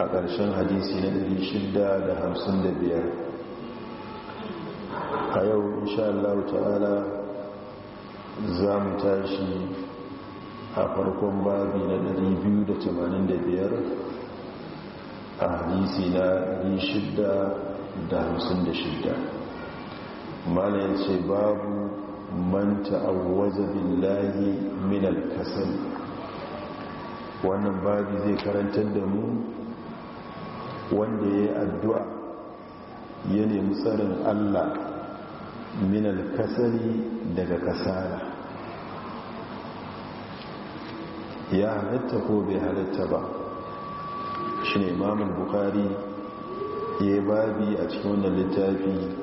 a ƙarshen hadisi na 655 a yau insha Allah ta'ala za mu tashi a farkon babi na 285 a hadisi na 656 mana ya ce babu manta awwaza billahi min al wannan babi zai karantar da mu wanda ya yi addu'a ya nemi tsarin Allah minal kasari daga kasara ya halatta ko bai halatta ba shi ne imamun bukari ya yi babi a cikin wanda littafi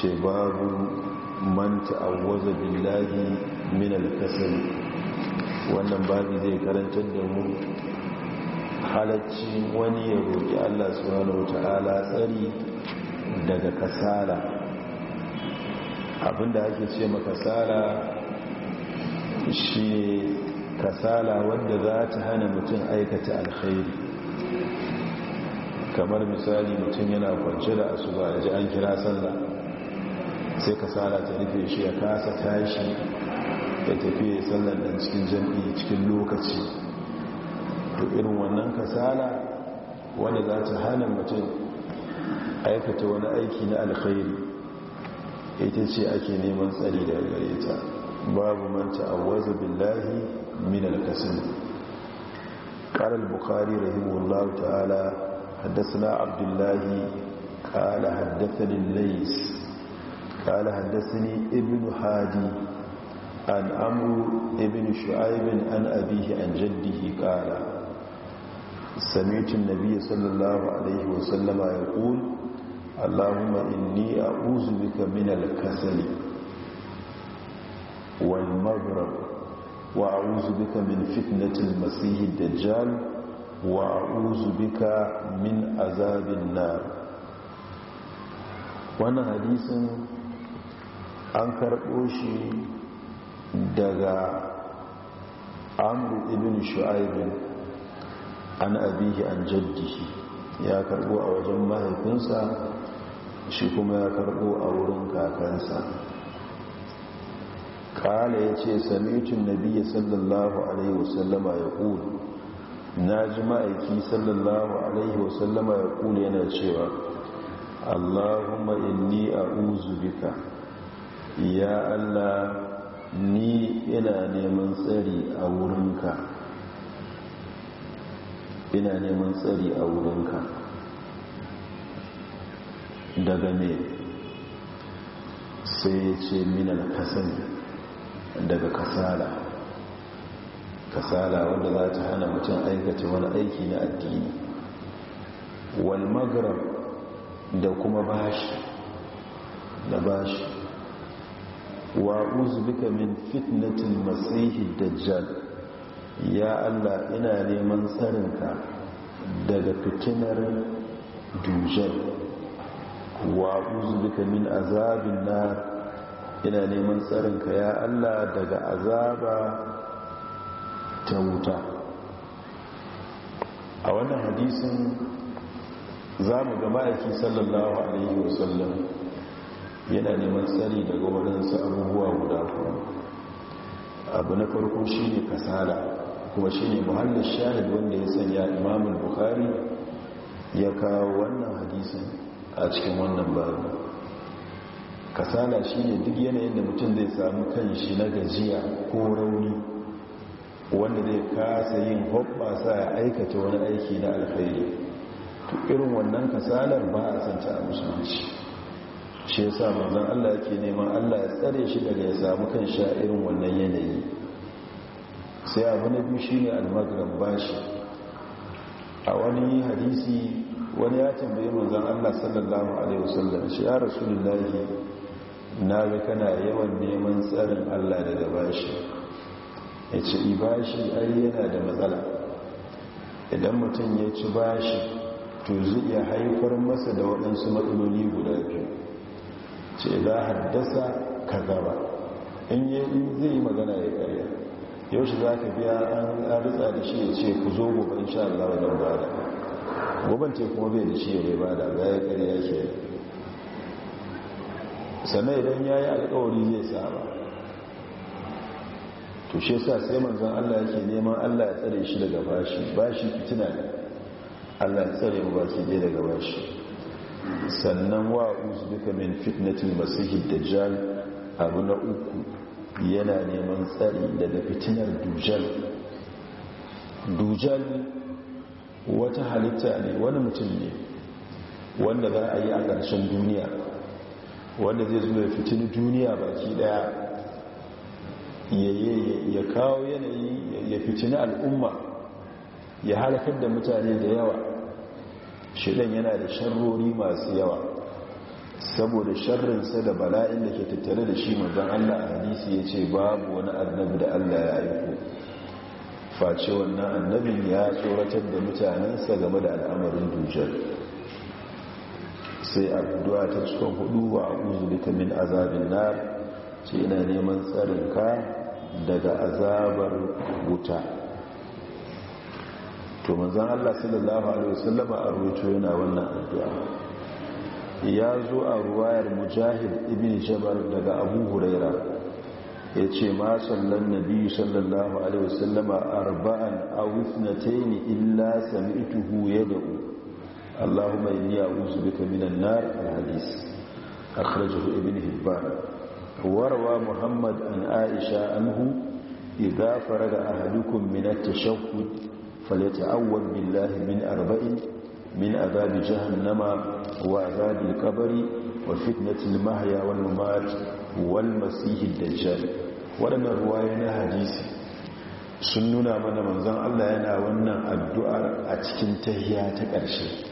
ce babu manta awwaza billahi minal kasari wannan babi zai karantar da mu halacci wani ya roƙi Allah subhanahu wata'ala tsari daga kasala abinda ake ce ma kasala shi kasala wanda za ta hana mutum aikata alkhairi kamar misali mutum yana kwance da asuba a ji an kira sallah sai kasala ta rufe shi ya kasa tashi ya tafiye sallar nan cikin jam'i cikin lokaci To irin wannan kasala wanda za ta hana mutum aikata wani aiki na alkhairi ita ce ake neman tsari daga gare ta babu manta a waza billahi min alkasin ƙarar bukari rahimullahu ta'ala haddasa abdullahi ƙala haddasa lillais ƙala haddasa ne ibn hadi an amuru ibn shu'aibin an abihi an jaddihi ƙala سمعت النبي صلى الله عليه وسلم يقول اللهم إني أعوذ بك من الكسل والمغرب وأعوذ بك من فتنة المسيح الدجال وأعوذ بك من عذاب النار وانا حديث أنكر أوشي دغا عمرو ابن شعيب an abihi an jaddihi ya karbo a wajen mahaifinsa shi kuma ya karbo a wurin kakansa kala ya ce samitin nabiya sallallahu alaihi wasallama ya ƙuri na ji ma'aiki sallallahu alaihi wasallama ya ƙuri yana cewa allahumma inni a uzubika ya allah ni ina neman tsari a wurinka ina neman tsari a wurinka daga ne sai ya ce minal kasan daga kasala kasala wanda za ta hana mutum aikata wani aiki na addini wal magrab da kuma bashi da bashi wa uzbika min fitnatil masihi dajjal ya Allah ina neman tsarin ka daga fitinar dujal wa duka min azabin na, ina neman tsarinka ya Allah daga azaba ta wuta a wannan hadisin za mu ga ma'aiki sallallahu alaihi wasallam yana neman tsari daga waɗansu abubuwa guda kuma abu na farko shi ne kasala kuma shi ne muhallin shahid wanda ya sanya imamun bukari ya kawo wannan hadisun a cikin wannan babu kasala shi ne duk yanayin da mutum zai samu kan shi na gajiya ko rauni wanda zai kasa yin sa ya aikata wani aiki na alkhairi to irin wannan kasalar ba a santa a musulunci shi ya sa zan allah ke neman allah ya tsare shi daga ya samu kan sha irin wannan yanayi sai abu na biyu shine almagran bashi a wani hadisi wani ya tambaye manzon Allah sallallahu alaihi wasallam shi ya rasulullahi na ga kana yawan neman tsarin Allah daga bashi ya ce ibashi ai yana da matsala idan mutum ya ci bashi to zai iya haifar masa da waɗansu matsaloli guda biyu ce za haddasa ka gaba in yi zai yi magana ya karya yau shi za ka biya an rutsa da shi ya ce ku zo gobe sha Allah wajen da goben ce kuma bai da shi ya bai bada da, ya kare ya ke sannan idan ya yi alkawari zai saba to shi sa sai manzan Allah yake neman Allah ya tsare shi daga bashi bashi fitina ne Allah ya tsare mu ba su daga bashi sannan wa'uz duka min fitnatin masihid dajjal abu na uku yana neman tsari daga fitinar dujal dujal wata halitta ne wani mutum ne wanda za a yi a ƙarshen duniya wanda zai zo ya fitin duniya baki daya ya kawo yanayi ya fitina al'umma ya halakar da mutane da yawa shidan yana da sharrori masu yawa saboda sharrinsa da bala'in da ke tattare da shi mazan Allah a hadisi ya ce babu wani annabi da Allah ya aiko face wannan annabin ya tsoratar da mutanensa game da al'amarin dujar sai addu'a ta cikin hudu wa a'udhu bika min azabin nar ce ina neman tsarinka daga azabar wuta to manzon Allah sallallahu alaihi wasallama a rubuto yana wannan addu'a ya zo a ruwayar mujahid ibn jabar daga abu huraira ya ce ma sallan nabi sallallahu alaihi wasallama arba'an aw ithnatayn illa sami sami'tuhu yad'u allahumma inni a'udhu bika minan na al a akhrajahu ibn hibban warwa muhammad an aisha anhu idza faraga ahadukum min at-tashahhud falyata'awwad billahi min arba'in min azabi jahannama wa azabi kabari wa fitnatil mahya wal mamat wal masih dajjal wadannan na hadisi sun nuna mana manzon Allah yana wannan addu'ar a cikin tahiya ta ƙarshe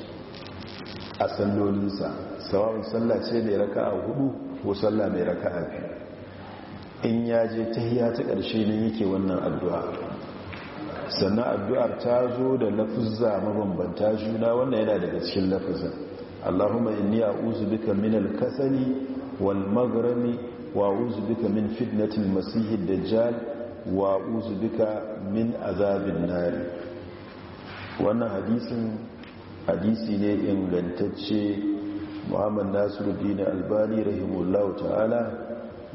a sallolinsa sawa'un sallah ce mai raka'a hudu ko sallah mai raka'a biyu in ya je tahiya ta ƙarshe ne yake wannan addu'a sannan addu'ar ta zo da lafuzza mabambanta juna wannan yana daga cikin lafuzza Allahumma inni a'udhu bika min al-kasali wal magrami, wa a'udhu bika min fitnati al dajjal wa a'udhu min azabin nari wannan hadisin hadisi ne ingantacce Muhammad Nasiru, Nasiruddin Albani rahimahullahu ta'ala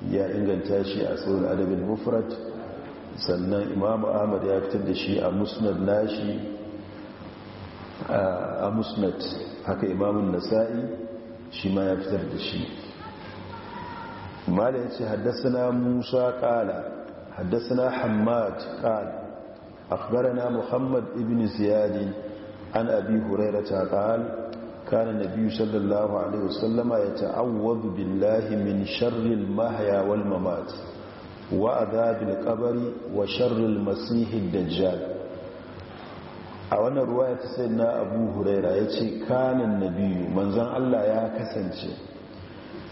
ya inganta shi a sahih adabin mufrat sannan imamu ahmad ya fitar da shi a musnad nashi a musnad haka imamun nasa'i shi ya fitar da shi Malam yace ce haddasa musa kala haddasa na hamad kala akbara na muhammad ibn ziyadi an abi huraira ta kala kana nabi sallallahu alaihi wasallama ya ta'awwadu billahi min sharrin al-mahya wal mamat wa azabil qabri wa sharril masihid dajjal a wannan ruwaya ta na abu huraira ya ce kana nabiyu manzon Allah ya kasance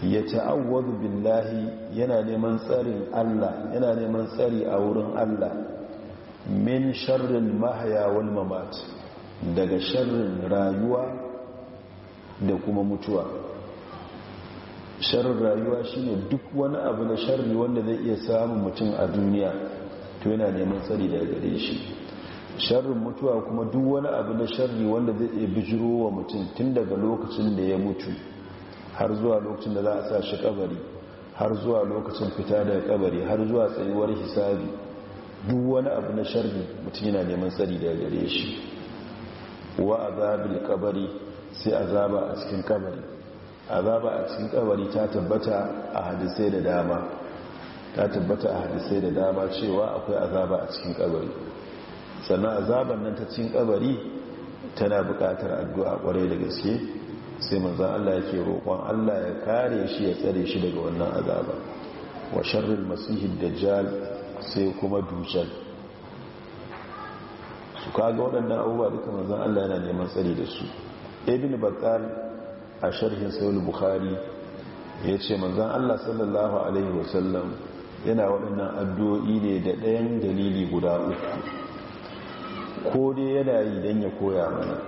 ya ta'awwadu billahi yana neman tsarin Allah yana neman tsari a wurin Allah min sharrin mahaya wal mamat daga sharrin rayuwa da kuma mutuwa sharar rayuwa shi ne duk wani abu na sharri wanda zai iya samun mutum a duniya to yana neman tsari daga gare shi sharrin mutuwa kuma duk wani abu na sharri wanda zai iya bijiro wa mutum tun daga lokacin da ya mutu har zuwa lokacin da za a sa shi kabari har zuwa lokacin fita daga kabari har zuwa tsayuwar hisabi duk wani abu na sharri mutum yana neman tsari daga gare shi wa azabil kabari sai a zaba a cikin kabari azaba a cikin kabari ta tabbata a hadisai da dama ta tabbata a hadisai da dama cewa akwai azaba a cikin kabari sannan azaban nan ta cikin kabari tana bukatar addu'a kwarai da gaske sai manzon Allah yake roƙon Allah ya kare shi ya tsare shi daga wannan azaba wa sharril masihid dajjal sai kuma dujjal su kaga waɗannan abubuwa duka manzon Allah yana neman tsare da su ibn bakkar a sharhin sayul bukhari ya ce manzan allah sallallahu alaihi wasallam yana waɗannan addu'o'i ne da ɗayan dalili guda uku ko dai yana yi don ya koya mana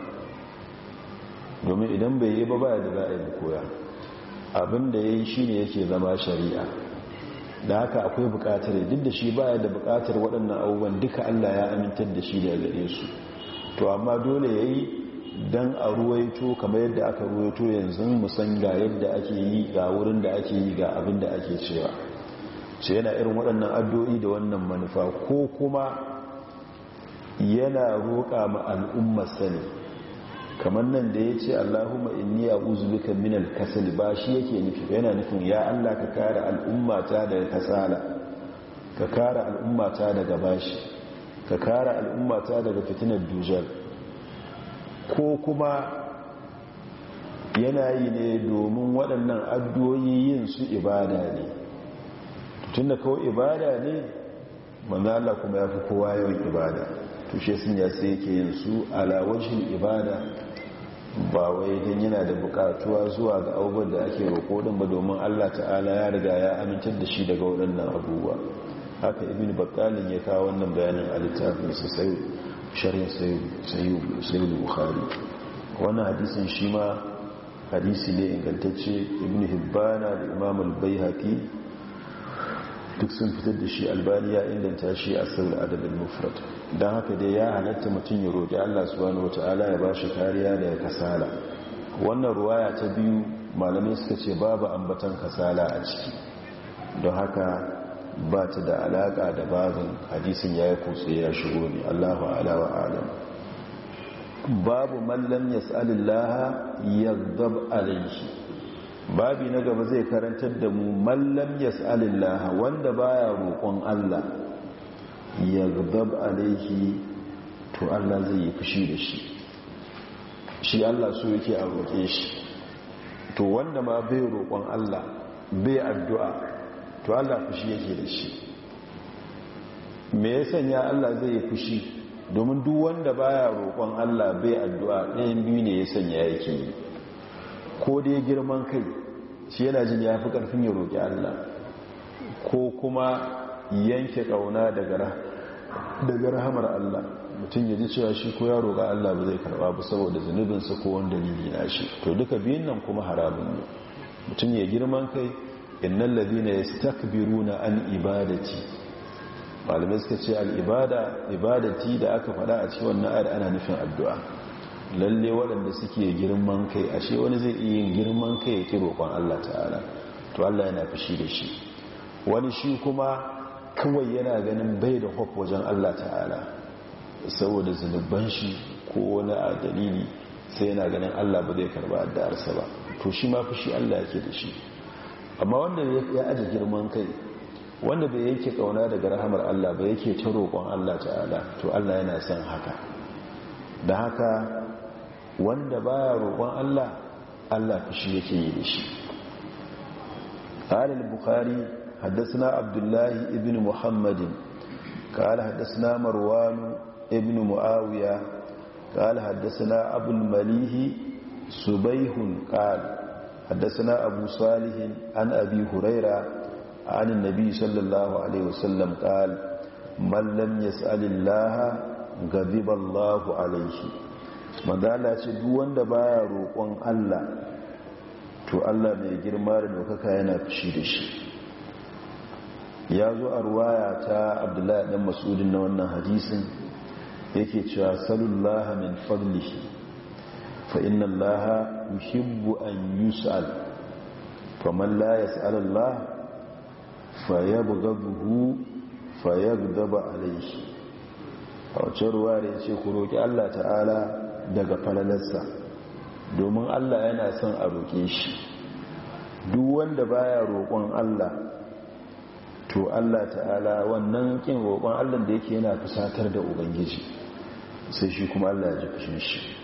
domin idan bai yi ba ba da za a yi koya abin da ya yi shi ne yake zama shari'a da haka akwai bukatar duk da shi baya da bukatar waɗannan abubuwan duka allah ya amintar da shi da gare su to amma dole ya yi don a ruwaito kamar yadda aka ruwaito yanzu musan ga yadda ake yi ga wurin da ake yi ga abin da ake cewa ce yana irin waɗannan addu'o'i da wannan manufa ko kuma yana roƙa ma al'umma sani kamar nan da ya ce allahumma inni a uzubika minal kasal ba shi yake nufi yana nufin ya allah ka kare al'ummata daga kasala ka kare al'ummata daga bashi ka kare al'ummata daga fitinar dujar ko kuma yana yi ne domin waɗannan addu'o'i yin su ibada ne tun da kawai ibada ne manzo Allah kuma ya fi kowa yawan ibada tushe sun ya sai yake yin su alawashin ibada ba wai don yana da bukatuwa zuwa ga abubuwan da ake roƙo ba domin Allah ta'ala ya riga ya amintar da shi daga waɗannan abubuwa haka ibini bakalin ya kawo wannan bayanin a littafin sosai sharhin da buhari wannan hadisin shi ma hadisi ne ingantacce ibn hibbana da imam al-baihaqi duk sun fitar da shi albaniya inganta shi a sirri adabin mufrat don haka dai ya halatta mutum ya roƙi allah subhanahu wata'ala ya ba shi kariya da ya kasala wannan ruwaya ta biyu malamai suka ce babu ambatan kasala a ciki don haka ba ta da alaƙa da babin hadisin ya yi kutse ya shigo ne allahu alawa alam babu mallam ya laha ya zab alaihi babi na gaba zai karantar da mu mallam ya laha wanda baya roƙon allah ya zab alaihi to allah zai yi fushi da shi shi allah so yake a roƙe shi to wanda ma bai roƙon allah bai addu'a to allah fushi yake da shi me ya sanya allah zai yi fushi domin duk wanda baya roƙon allah bai addu'a ɗayan biyu ne ya sanya yake yi ko dai girman kai shi yana jin ya fi ƙarfin ya roƙi allah ko kuma yanke ƙauna daga rahamar allah mutum ya ji cewa shi ko ya roƙa Allah ba zai karɓa ba saboda zunubinsa ko wanda dalili na shi to duka biyun nan kuma haramun ne mutum ya girman kai ya stakbiru yastakbiruna an ibadati malamai suka ce al ibada ibadati da aka faɗa a cikin wannan ayar ana nufin addu'a lalle waɗanda suke girman kai ashe wani zai iya yin girman kai ya roƙon Allah ta'ala to Allah yana fushi da shi wani shi kuma kawai yana ganin bai da hope wajen Allah ta'ala saboda zunuban shi ko wani a dalili sai yana ganin Allah ba zai karba addu'arsa ba to shi ma fushi Allah yake da shi amma wanda ya aji girman kai wanda bai yake kauna daga rahamar Allah bai yake ta roƙon Allah ta'ala to Allah yana son haka da haka wanda baya roƙon Allah Allah fushi yake yi da shi قال البخاري حدثنا عبد الله ابن محمد قال حدثنا مروان ابن معاوية قال حدثنا أبو المليه سبيه قال حدثنا أبو صالح عن أبي هريرة عن النبي صلى الله عليه وسلم قال من لم يسأل الله غضب الله عليه madala ce duk wanda baya roƙon Allah to Allah mai girma da dokaka yana fushi da shi ya zo a ruwaya ta abdullahi dan mas'udin na wannan hadisin yake cewa salullaha min fadlihi فإن الله يحب أن يسأل فمن لا يسأل الله فيبغضه فيغضب عليه a wacce ruwa da ya ce ku roƙi Allah ta'ala daga falalarsa domin Allah yana son a roƙe shi duk wanda baya roƙon Allah to Allah ta'ala wannan ƙin roƙon Allah da yake yana fusatar da ubangiji sai shi kuma Allah ya ji fushin shi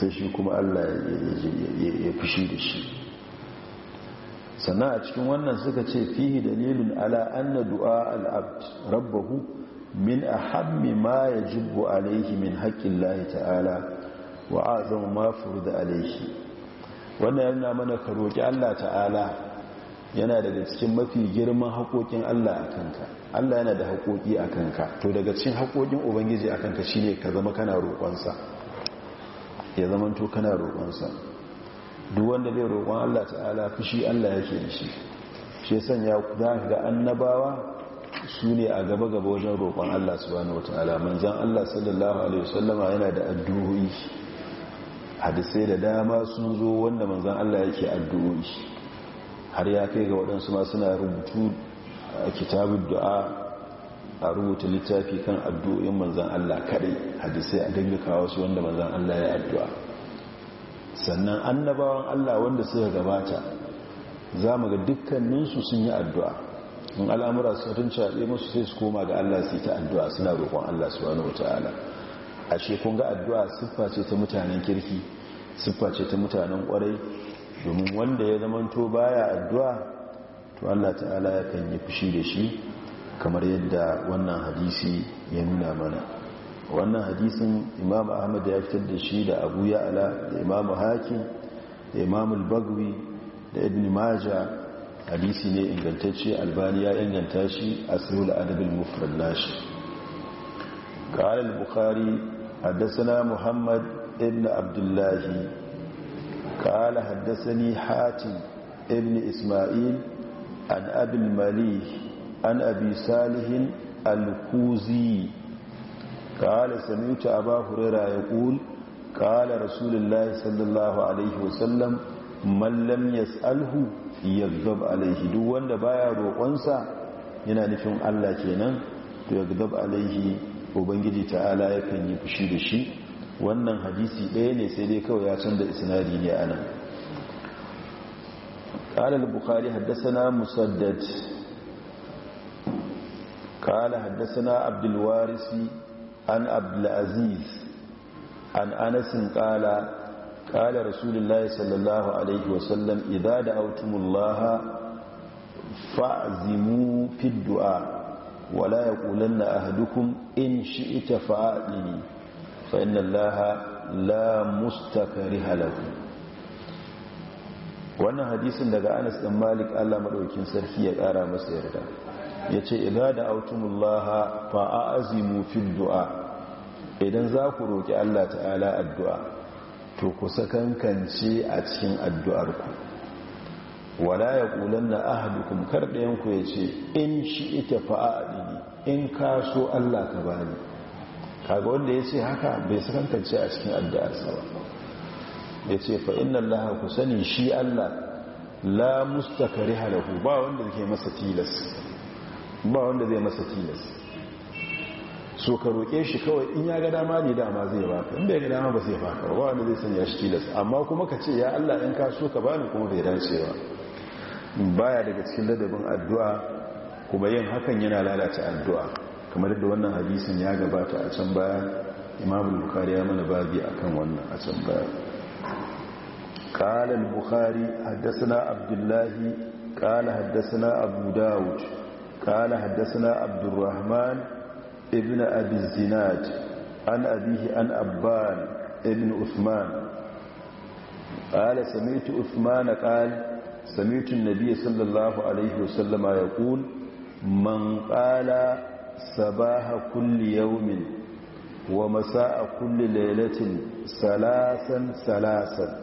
sai shi kuma allah ya fushi da shi sannan a cikin wannan suka ce fihi dalilin ala anna du'a al'abd rabbahu min ahammi ma ya yajibu alaihi min haƙƙin lahi ta'ala wa zama ma da alaihi wannan yana mana ka roƙi allah ta'ala yana daga cikin mafi girman haƙoƙin Allah a kanka Allah yana da haƙoƙi a kanka to daga cikin haƙoƙin Ubangiji a kanka shine ka zama kana roƙonsa ya zama to kana roƙonsa duk wanda bai roƙon Allah ta'ala fushi Allah yake da shi shi ya sanya ga annabawa su ne a gaba-gaba wajen roƙon Allah subhanahu wata'ala manzon Allah sallallahu alaihi wasallama yana da addu'o'i sai da dama sun zo wanda manzon Allah yake addu'o'i har ya kai ga wadansu ma suna rubutu a kitabun du'a a rubuta littafi kan addu'o'in manzan Allah kaɗai hadisai a dinga kawo su wanda manzan Allah ya addu'a sannan annabawan Allah wanda suka gabata za mu ga dukkaninsu sun yi addu'a in al'amura su tun caɗe musu sai su koma ga Allah su yi ta addu'a suna roƙon Allah su wani wata'ala a shekun ga addu'a siffa ce ta mutanen kirki siffa ce ta mutanen ƙwarai domin wanda ya zamanto baya addu'a to Allah ta'ala ya kan yi fushi da shi kamar yadda wannan hadisi ya nuna mana wannan hadisin imam ahmad ya fitar da shi da abu ala da imam hakim da imam bagwi da ibn maja hadisi ne ingantacce albani ya inganta shi a sahul adabul mufrad nashi قال البخاري حدثنا محمد ابن عبد الله قال حدثني حاتم ابن إسماعيل عن أبي المليح an abi salihin alkuzi Kala samita سمعت أبا هريرة يقول قال رسول الله صلى الله عليه وسلم من لم duk wanda baya roƙonsa yana nufin Allah kenan to yaghdab alaihi ubangiji ta'ala yakan yi fushi da shi wannan hadisi ɗaya ne sai dai kawai ya canza isnadi ne anan قال البخاري حدثنا مسدد قال حدثنا عبد الوارث عن عبد العزيز عن أنس قال قال رسول الله صلى الله عليه وسلم إذا دعوتم الله فأعزموا في الدعاء ولا يقولن أهدكم إن شئت فأعلمي فإن الله لا مستكره لكم wannan hadisin daga anas ɗan malik allah maɗaukin sarki ya ƙara masa yarda ya ce ila da autumullaha azimu fil du'a idan za ku roƙi Allah ta'ala addu'a to ku sakankance a cikin addu'arku wala ya ƙulan na ahadukum karɗayanku ya ce in shi ita fa'a'adini in ka so Allah ka bani kaga wanda ya ce haka bai sakankance a cikin addu'arsa ba ya ce fa'in Allah ku sani shi Allah la mustakari halahu ba wanda ke masa tilas ba wanda zai masa tilas so ka roƙe shi kawai in ya ga dama ne dama zai baka in bai ga dama ba zai baka ba wanda zai sanya shi tilas amma kuma ka ce ya Allah in ka so ka bani kuma bai dace ba baya daga cikin ladabin addu'a kuma yin hakan yana lalata addu'a kamar da wannan hadisin ya gabata a can baya imamu bukari ya mana babi akan wannan a can baya قال البخاري حدثنا عبد الله قال حدثنا أبو داود قال حدثنا عبد الرحمن ابن أبي الزناد عن أبيه عن أبان ابن أثمان قال سمعت أثمان قال سمعت النبي صلى الله عليه وسلم يقول من قال صباح كل يوم ومساء كل ليلة ثلاثا ثلاثا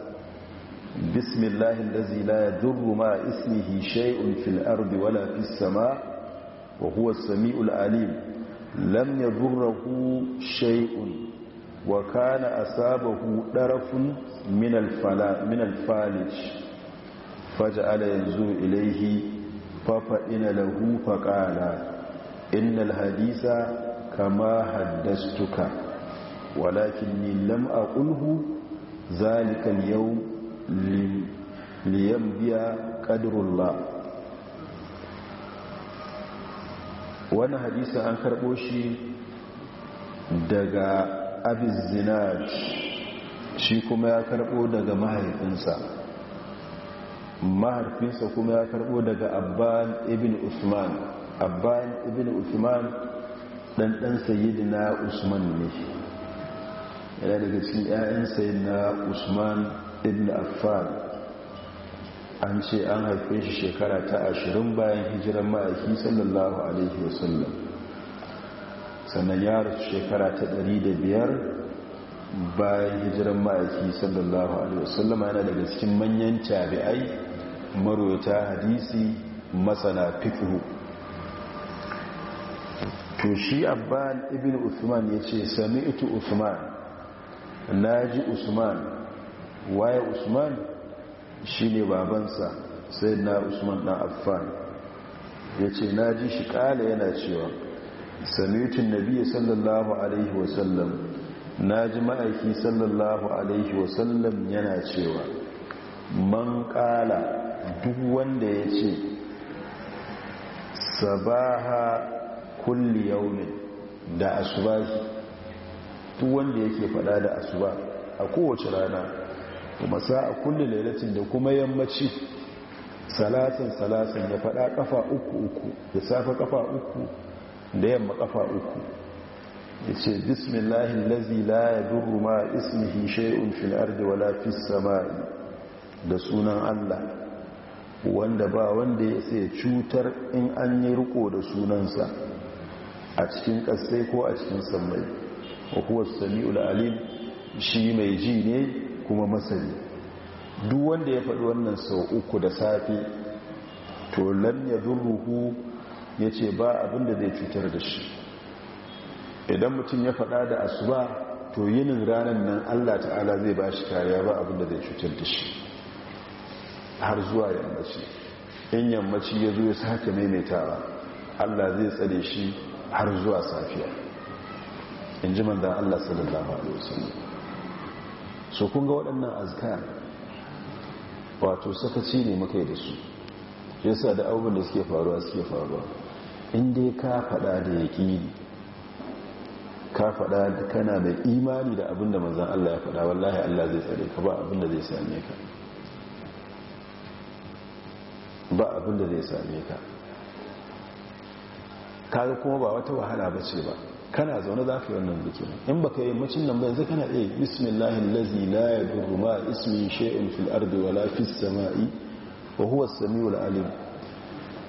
بسم الله الذي لا يضر ما اسمه شيء في الأرض ولا في السماء وهو السميع العليم لم يضره شيء وكان أصابه درف من الفلا من الفالج فجعل ينزو إليه ففإن له فقال إن الحديث كما حدثتك ولكني لم أقله ذلك اليوم ليمضي قدر الله wani hadisi an karɓo shi daga abin zinaj shi kuma ya karɓo daga mahaifinsa mahaifinsa kuma ya karɓo daga abban ibn usman abban ibn usman ɗanɗan sayidina usman ne yana daga cikin 'ya'yan na usman ibn affan an ce an haife shi shekara ta ashirin bayan hijiran ma'aiki sallallahu alaihi wasallam sannan ya rasu shekara ta ɗari da biyar bayan hijiran ma'aiki sallallahu alaihi wasallam yana daga cikin manyan tabi'ai marota hadisi masana fikihu to shi abban ibn usman ya ce sami usman na ji usman waye usman shi ne babansa sai na usman na affan ya ce na ji shi kala yana cewa samitin nabi sallallahu alaihi wasallam na ji ma'aiki sallallahu alaihi wasallam yana cewa man kala duk wanda ya ce sabaha kulli yaumin da asubahi duk wanda yake fada da asuba a kowace rana kuma sa'a kulle lailatin da kuma yammaci salasin salasin ya fada kafa uku uku da safa kafa uku da yamma kafa uku ya ce bismillahi lazi la ya duru ma ismihi shay'un fil ardi wala fis samai da sunan Allah wanda ba wanda ya sai cutar in an yi riko da sunansa a cikin kasai ko a cikin sammai wa huwa samiul alim shi mai ji ne kuma masari duk wanda ya faɗi wannan sau uku da safe to lam ya duruhu ya ce ba abinda zai cutar da shi idan mutum ya faɗa da asuba to yinin ranar nan allah ta'ala zai ba shi kariya ba abinda zai cutar da shi har zuwa yammaci in yammaci ya zo ya sake maimaitawa allah zai tsare shi har zuwa safiya in ji manzan allah sallallahu alaihi wasallam so kun ga waɗannan azkar wato sakaci ne muka yi da su yasa da abubuwan da suke faruwa suke faruwa inda ya ka faɗa da ya yi. ka faɗa da kana mai imani da abin da manzan Allah ya faɗa wallahi Allah zai tsare ka ba abin da zai same ka ba abin da zai same ka kaga kuma ba wata wahala ba ce ba kana zaune za ka yi wannan zikirin in baka yi macin nan ba yanzu kana iya bismillahi lazi la ya duru ma ismi shay'un fil ardi wala fis sama'i wa huwa as-sami'ul alim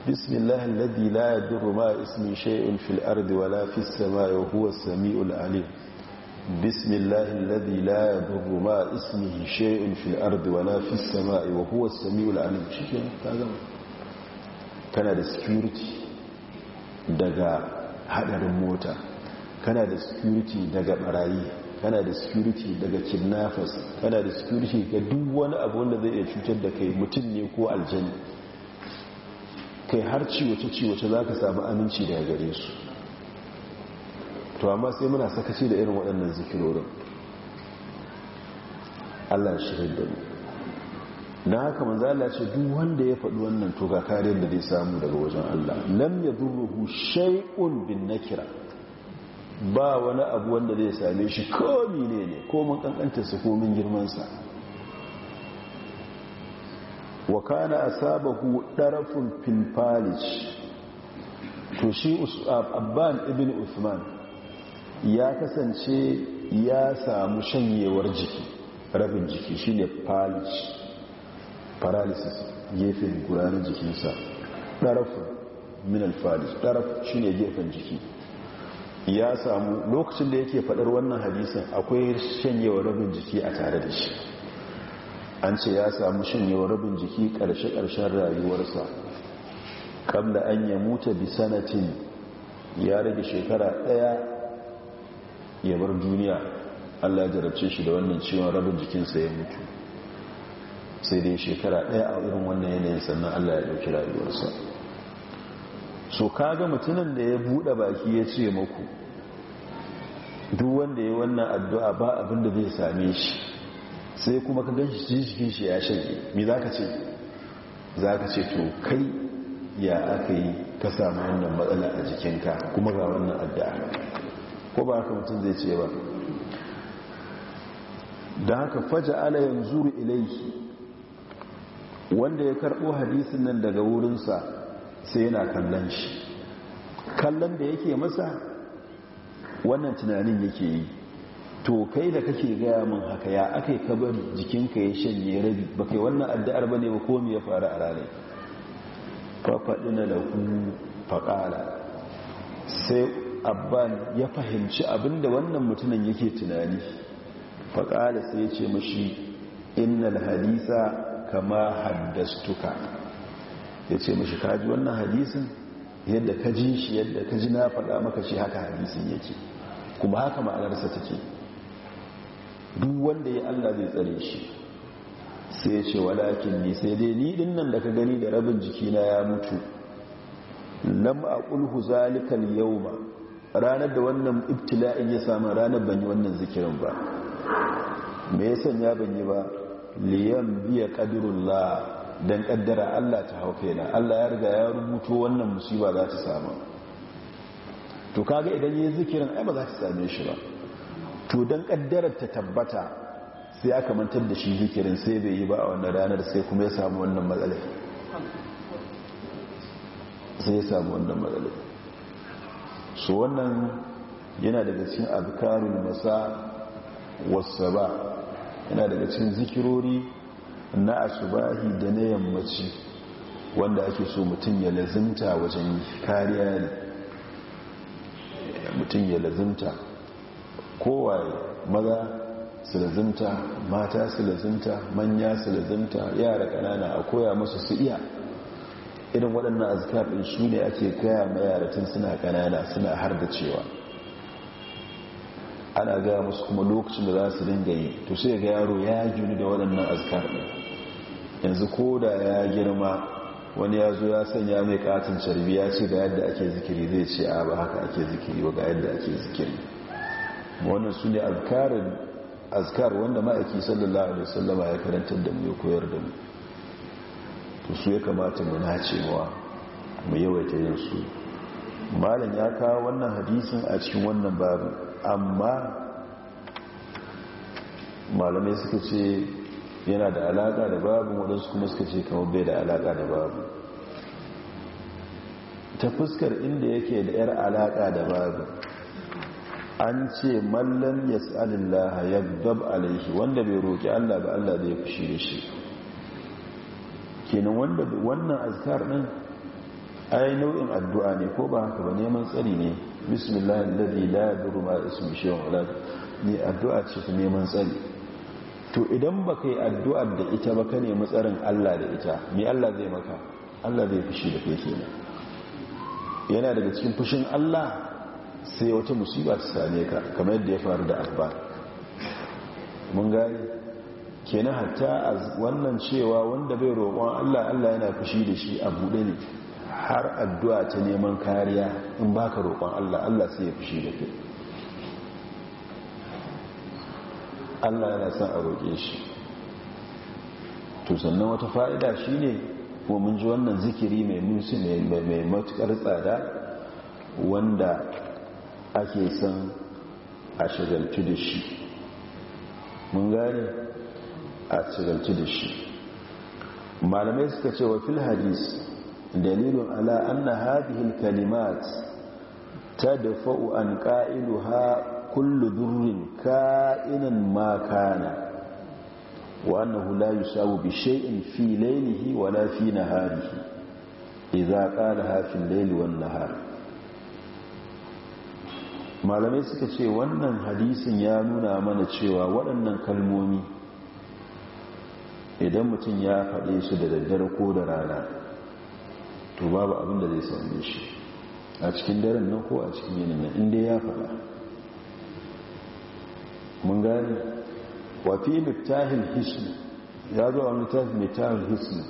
bismillahi lazi la ya duru ma ismi shay'un fil ardi wala fis sama'i wa huwa as-sami'ul alim bismillahi lazi la ya duru ma ismi shay'un fil ardi wala fis sama'i wa huwa as-sami'ul alim shikenan ka gama kana da security daga hadarin mota kana da security daga barayi kana da security daga kidnappers kana da security ga duk wani abu wanda zai iya cutar da kai mutum ne ko aljani kai har ciwace-ciwace za ka samu aminci daga gare su to amma sai muna sakaci da irin waɗannan zikirorin allah shirin da mu na haka manzo ce duk wanda ya faɗi wannan to ga kariyar da zai samu daga wajen Allah lam yadurruhu shay'un bin nakira ba wani abu wanda zai same shi komi ne ne komin kankantarsa komin girmansa wa kana asabahu darafun filfalic to shi abban ibn usman ya kasance ya samu shanyewar jiki rabin jiki shine falic paralysis gefen gudanar jikinsa darafun min alfalic daraf shine gefen jiki ya samu lokacin da yake faɗar wannan hadisin akwai yawa rabin jiki a tare da shi an ce ya samu yawa rabin jiki ƙarshe-ƙarshen rayuwarsa da an ya mutu bi sanatin ya rage shekara ɗaya ya bar duniya allah jarabce shi da wannan ciwon rabin jikinsa ya mutu sai dai shekara ɗaya a irin wannan yanayin sannan allah ya ɗauki rayuwarsa so ga mutumin da ya buɗe baki ya ce muku duk wanda ya wannan addu'a ba abin zai same shi sai kuma ka gan shi shi ya shage me za ka ce za ce to kai ya aka yi ka samu wannan matsala a jikinka kuma ga wannan addu'a ko ba haka mutum zai ce ba da haka faja ala yanzu ilaihi wanda ya karɓo hadisin nan daga wurinsa sai yana kallon shi kallon da yake masa wannan tunanin yake yi to kai da kake gaya min haka ya aka yi kabar jikinka ya shanye rabi ba kai wannan addu'ar ba ne ba komi ya faru a ranar fafaɗi na lagu faƙala sai abban ya fahimci abinda wannan mutumin yake tunani faƙala sai ce mashi innal hadisa kama haddastuka ya ce mashi kaji wannan hadisin yadda ka ji shi yadda ka ji na faɗa maka shi haka hadisin yake kuma haka ma'anarsa take duk wanda ya Allah zai tsare shi sai ce walakin ni sai dai ni din nan da ka gani da rabin jikina ya mutu lam aqulhu zalikal yawma ranar da wannan ibtila'in ya samu ranar ban yi wannan zikirin ba me yasa ya ban yi ba liyan biya qadrullah don kaddara Allah ta hau kaina Allah ya riga ya rubuto wannan musiba za ta samu to kaga idan yi zikirin ai ba za ta same shi ba to don kaddarar ta tabbata sai aka mantar da shi zikirin sai bai yi ba a wannan ranar sai kuma ya samu wannan matsalai sai ya samu wannan matsalai so wannan yana daga cikin azkarul masa wasu ba yana daga cikin zikirori na asubahi da na yammaci wanda ake so mutum ya lazimta wajen kariya ne mutum ya lazimta kowai maza su lazimta mata su lazimta manya su lazimta yara ƙanana a koya masu su iya irin waɗannan azkafin su ne ake kaya ma suna ƙanana suna har da cewa ana gaya musu kuma lokacin da za su dinga yi to sai ga yaro ya juni da waɗannan azkafin yanzu ko da ya girma wani ya zo ya sanya mai katin carbi ya ce ga yadda ake zikiri zai ce a ba haka ake zikiri ga yadda ake zikiri wannan su ne azkar wanda ma'aiki sallallahu alaihi wasallama ya karantar da mu ya koyar da mu to su ya kamata mu wa mu yawaita yin su malam ya kawo wannan hadisin a cikin wannan babu amma malamai suka ce yana da alaƙa da babu waɗansu kuma suka ce kamar bai da alaƙa da babu ta fuskar inda yake da 'yar alaƙa da babu an ce mallam ya tsalin laha ya gab alaihi wanda bai roƙi allah ba allah zai fushi da shi kenan wannan azkar ɗin ai nau'in addu'a ne ko ba haka ba neman tsari ne bismillah ladi la ma ismihi wa la ne addu'a ce ta neman tsari to idan ba ka yi addu'ar da ita ba ka nemi tsarin Allah da ita mai Allah zai maka Allah zai fushi da kai kenan yana daga cikin fushin Allah sai wata musiba ta same ka kamar yadda ya faru da abba mun gani kenan hatta a wannan cewa wanda bai roƙon Allah Allah yana fushi da shi a buɗe ne har addu'a ta neman kariya in ba ka roƙon Allah Allah sai ya fushi da kai allah yana son a roƙe shi to sannan wata fa'ida shi ne ko mun ji wannan zikiri mai nusi mai matuƙar tsada wanda ake son a shigalci da shi mun gane a shigalci da shi malamai suka ce wa fil hadis dalilin ala anna hadihin kalimat ta dafa'u an ƙa'ilu ha kullu durrin ka'inan ma kana wa annahu la yusawu bi shay'in fi laylihi wa la fi naharihi idza qalaha fi al-layli wan nahar malamai suka ce wannan hadisin ya nuna mana cewa waɗannan kalmomi idan mutum ya faɗe su da daddare ko da rana to babu abin da zai same shi a cikin daren nan ko a cikin yanayin inda ya faɗa mun gani wafi miftahil hisni ya zuwa littafin miftahil hisni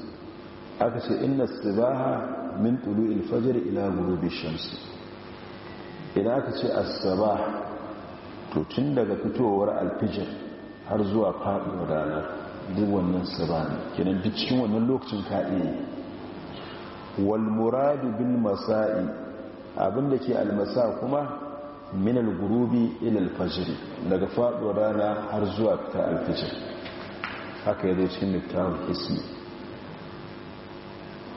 aka ce inna sibaha min tulu ilfajar ila gurubi shamsi Ina aka ce asaba to tun daga fitowar alfijir har zuwa faɗin rana duk wannan saba ne kenan duk cikin wannan lokacin kaɗe walmuradu bin masa'i abinda ke almasa kuma min gurubi ila al daga faduwar rana har zuwa ta al-fajr haka yazo cikin littafin ismi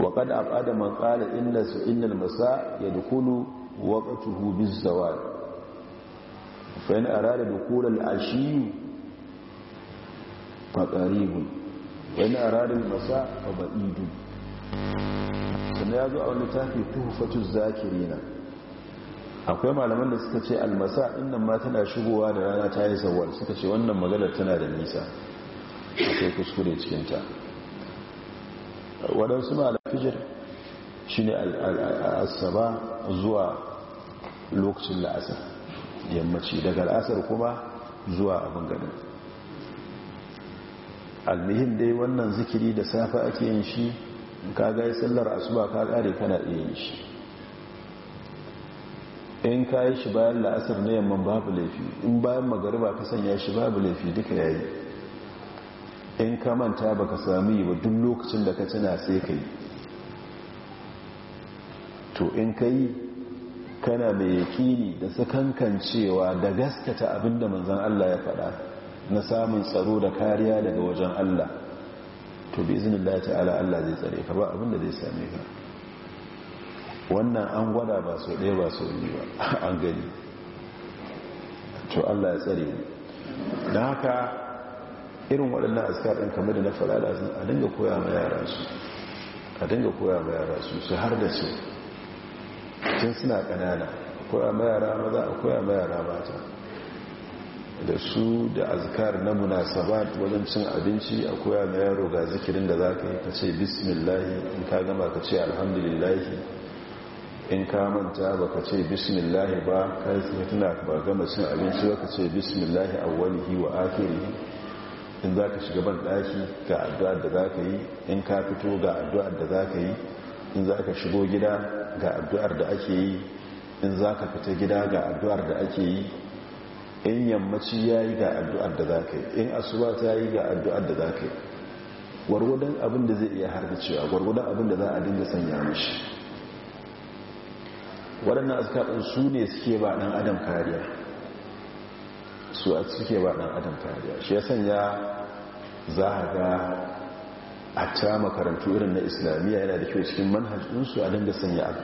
wa qad abada man qala inna su al-masa yadkhulu waqtuhu biz-zawal fa in arada dukhul al-ashi fa qaribun wa in arada al-masa fa ba'idun ya zo a wani tafi tuhfatu zakirina akwai malaman da suka ce almasa inda ma tana shigowa da rana ta yi zawar suka ce wannan maganar tana da nisa akwai kuskure cikinta waɗansu malafijir shi ne al'asaba zuwa lokacin la'asar yammaci daga la'asar kuma zuwa abin ganin almihim dai wannan zikiri da safa ake yin shi ka ga sallar asuba ka kare kana iya yin shi in ka yi shi bayan la'asar na yamman babu laifi in bayan magariba ka sanya shi babu laifi duka ya yi in ka manta ba ka sami yi ba duk lokacin da ka tana sai ka yi to in ka yi kana mai yakini da sakankan cewa da gaskata abinda manzan Allah ya faɗa na samun tsaro da kariya daga wajen Allah to bi izinin ya ta'ala Allah zai tsare ka ba abinda zai same ka wannan an gwada ba so ɗaya ba so biyu ba an gani to allah ya tsare da haka irin waɗannan askar ɗin kamar da na falada sun a dinga koya ma yara su a dinga koya ma yara su su har da su tun suna ƙanana koya ma yara maza a koya ma yara mata da su da azkar na munasabat wajen cin abinci a koya ma yaro ga zikirin da za ka yi ka ce bismillahi in ka gama ka ce alhamdulillahi in ka manta ba ka ce bismillahi ba ka yi tuna ba gama cin abinci ba ka ce bismillahi awwalihi wa yi in za ka shiga ban ga addu'ar da za ka yi in ka fito ga addu'ar da za ka yi in za ka shigo gida ga addu'ar da ake yi in za ka fita gida ga addu'ar da ake yi in yammaci ya yi ga addu'ar da za ka yi in asuwa ta yi ga addu'ar da za ka yi gwargwadon abin da zai iya harbi cewa gwargwadon abin da za a dinga sanya mashi waɗannan azkar su ne suke ba ɗan adam kariya su a suke ba ɗan adam kariya shi ya sanya za a ga a ta makarantu irin na islamiyya yana da kyau cikin manhajinsu a dinga sanya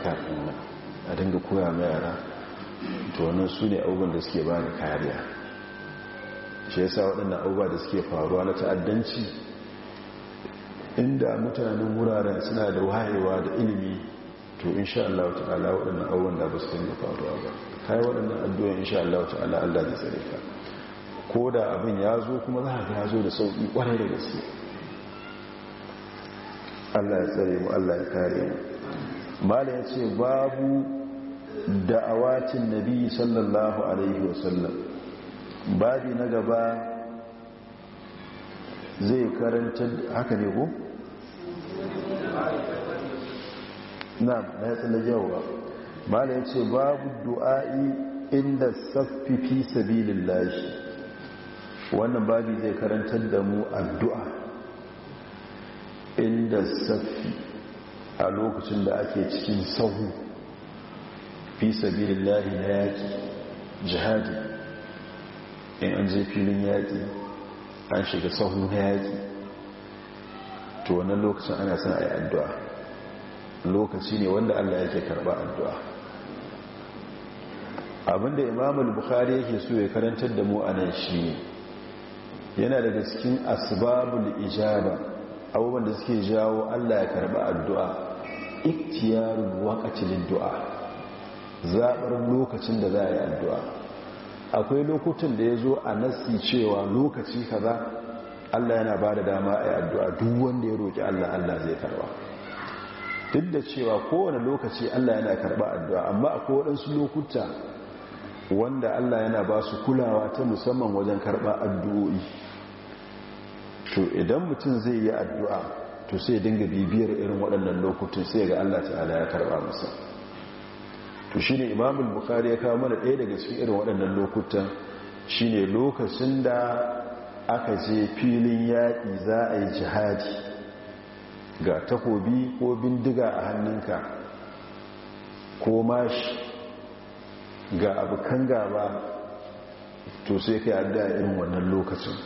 a dinga koya mayara. yara to wannan su ne abubuwan da suke ba ni kariya shi ya sa waɗannan abubuwa da suke faruwa na ta'addanci inda mutanen wuraren suna da wayewa da ilimi to insha Allah ta'ala waɗannan abubuwan da ba su dinga faruwa ba kai waɗannan addu'a insha Allah ta'ala Allah zai tsare ka ko da abin ya zo kuma za ka ga zo da sauƙi ƙwarar da gaske Allah ya tsare mu Allah ya kare mu mala ya ce babu da'awatin nabi sallallahu alaihi wasallam babi na gaba zai karanta haka ne ko na na ya tsallake yawa ba ya ce babu du'a'i inda saffi fi sabilin lashi wannan babi zai karantar da mu addu'a inda saffi a lokacin da ake cikin sahu fi sabilin lahi na yaƙi jihadi in an je filin yaƙi an shiga sahu na yaƙi to wannan lokacin ana sana a yi addu'a lokaci ne wanda Allah yake karba addu'a abinda Imam al-Bukhari yake so ya karantar da mu anan shine yana daga cikin asbabul ijaba abubuwan da suke jawo Allah ya karba addu'a iktiyarul waqti lid-du'a zabar lokacin da za a yi addu'a akwai lokutan da ya zo a nasi cewa lokaci kaza Allah yana ba da dama a yi addu'a duk wanda ya roƙi Allah Allah zai karba duk da cewa kowane lokaci Allah yana karba addu'a amma a waɗansu lokuta wanda Allah yana ba su kulawa ta musamman wajen karba addu'o'i to idan mutum zai yi addu'a to sai dinga bibiyar irin waɗannan lokutan sai ga Allah ta'ala ya karba masa to shi ne imamul bukari ya kawo mana ɗaya daga cikin irin waɗannan lokutan shi ne lokacin da aka je filin yaƙi za a yi jihadi ga takobi ko bindiga a hannunka ko mashi ga abokan gaba to sai ka yadda a irin wannan lokacin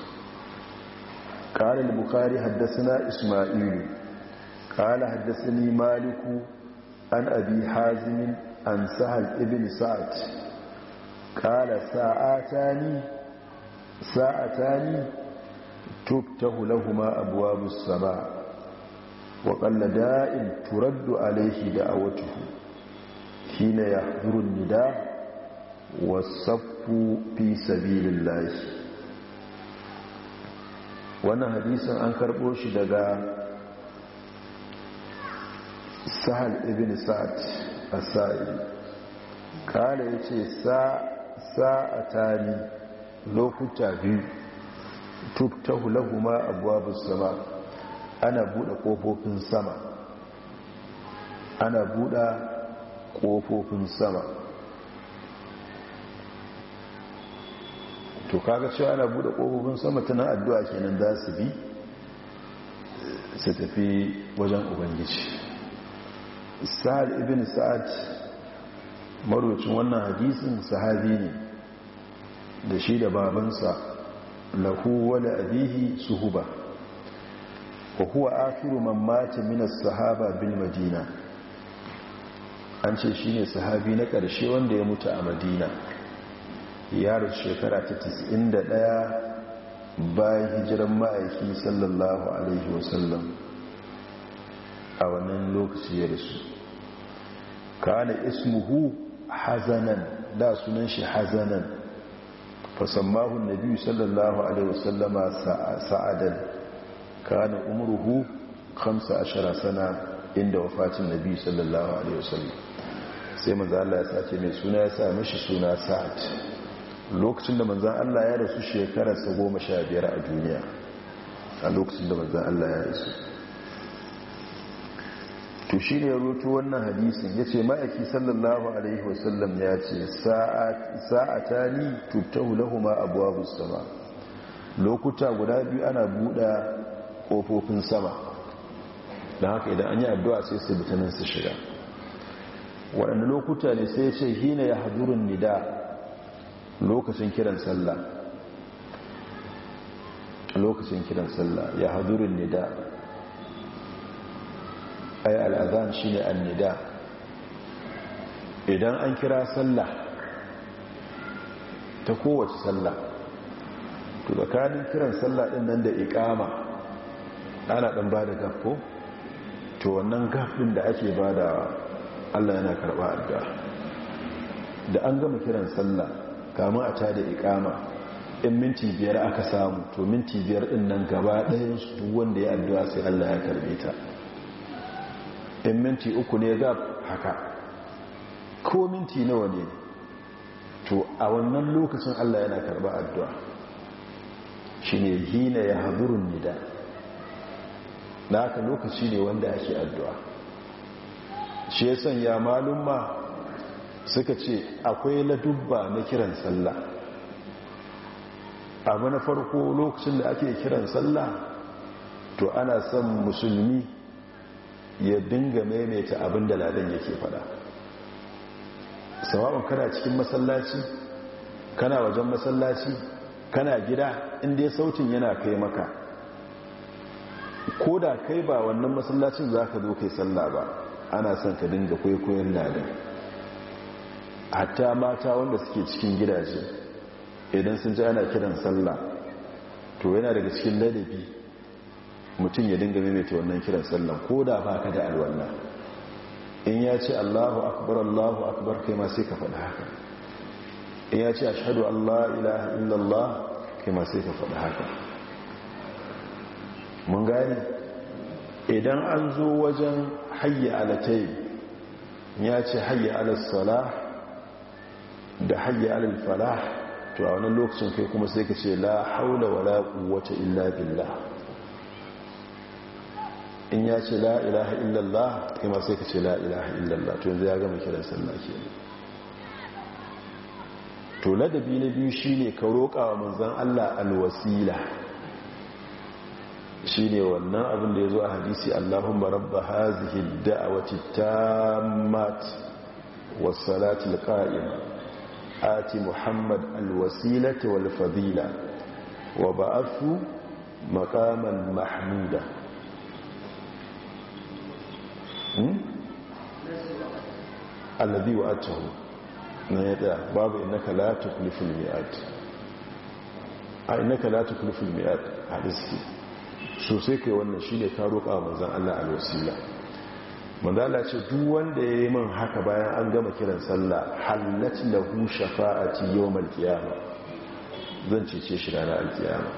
ƙari da bukari haddasa ismailu ƙari haddasa ni maliku an abi hazinin an sahal ibn sa'ad ƙari sa'ata ni sa'ata ni tuk ta hula kuma abuwa musamman Waƙalla da'in turaddu alaihi da a watuhu shi na ya zurun nida saffu fi sabilin lahi wannan hadisun an karɓo shi daga sahal ibn sa'ad a asai kala a tani lokuta biyu tuk tuftahu lahumu abuwa sama ana buɗe ƙofofin sama ana buɗe ƙofofin sama to kaga cewa ana buɗe ƙofofin sama tana addu'a kenan za su bi su tafi wajen ubangiji sa'ad ibn sa'ad marocin wannan hadisin sahabi ne da shi da babansa lahu wala abihi suhuba wa afiru akhiru minas sahaba bin madina an ce shine sahabi na ƙarshe wanda ya mutu a madina ya rasu shekara ta 91 bayan hijiran ma'aiki sallallahu alaihi wasallam a wannan lokaci ya rasu kana ismuhu hazanan da sunan shi hazanan fasammahu nabi sallallahu alaihi wasallama sa'adan kana umruhu 15 sana inda wafatin nabi sallallahu alaihi wasallam sai manzo Allah ya sace mai suna ya sa mishi suna Sa'ad lokacin da manzan Allah ya rasu shekararsa 15 a duniya a lokacin da manzan Allah ya rasu to shi ne roto wannan hadisin ya ce ma'aiki sallallahu alaihi wasallam ya ce sa'ata ni tuttahu lahuma abuwa sama lokuta guda biyu ana buɗa Kofofin sama da haka idan an yi addu'a sai su bitanin su shiga waɗanda lokuta ne sai ce hina ya hadurin nida lokacin kiran sallah lokacin kiran sallah ya hadurin nida ay al'azan shi ne an nida idan an kira sallah ta kowace sallah to tsakanin kiran sallah ɗin nan da iƙama ana ɗan ba da gaf ko to wannan gaf ɗin da ake ba da allah yana karɓa addu'a da an gama kiran sallah kama a tada ikama in minti biyar aka samu to minti biyar ɗin nan gaba ɗayan su wanda ya addu'a sai allah ya karbe ta in minti uku ne gaf haka ko minti nawa ne to a wannan lokacin allah yana karba addu'a shine hina ya hadurun nida na haka lokaci ne wanda ake addu'a shi ya sanya malumma suka ce akwai ladubba na kiran sallah abu na farko lokacin da ake kiran sallah to ana son musulmi ya dinga maimaita abin da ladan yake fada sababin kana cikin masallaci kana wajen masallaci kana gida inda ya sautin yana kai maka ko da kai ba wannan masallacin za ka zo kai sallah ba ana son ka dinga kwaikwayon ladan hatta mata wanda suke cikin gidaje idan sun ji ana kiran sallah to yana daga cikin ladabi mutum ya dinga maimaita wannan kiran sallah ko da ba ka da alwanna in ya ce allahu akbar allahu akbar kai ma sai ka faɗi haka in ya ce ashadu allah ilaha illallah kai ma sai ka faɗi haka mun gani idan an zo wajen hayya alatai ya ce hayya alasala da hayya alifala to a wani lokacin kai kuma sai ka ce la haula wa la quwwata illa billah in ya ce la ilaha illallah kai ma sai ka ce la ilaha illallah to yanzu ya gama kiran sallah kenan to ladabi na biyu shine ka roƙa wa manzon Allah alwasila shine wannan abin da ya zo a hadisi Allahumma rabba hazihi da'awati tammat was salati al-qa'ima ati Muhammad al-wasilata wal fadila wa ba'athu maqaman mahmuda alladhi wa'atahu na yada babu innaka la tukhliful mi'ad a innaka la tukhliful mi'ad hadisi Sosai kai wannan shi ne ka roƙa manzan Allah alwasila Allah ce duk wanda ya yi min haka bayan an gama kiran sallah hallat lahu shafa'ati yawmal alkiyama. zan cece shi rana alkiyama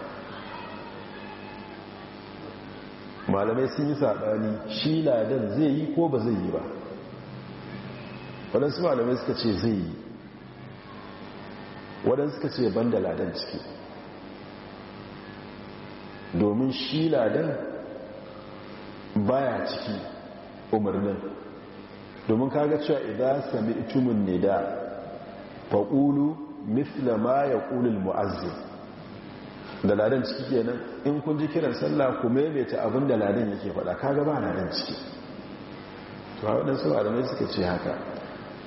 malamai sun yi saɓani shi ladan zai yi ko ba zai yi ba waɗansu malamai suka ce zai yi waɗansu suka ce ban da ladan ciki domin shi ladan baya ciki umarnin domin kaga cewa idan sami itumin da faƙulu mithla ma ya ƙulil mu'azzin da ladan ciki kenan in kun ji kiran sallah ku maimaita abin da ladan yake faɗa kaga ba ladan ciki to a waɗansu malamai suka ce haka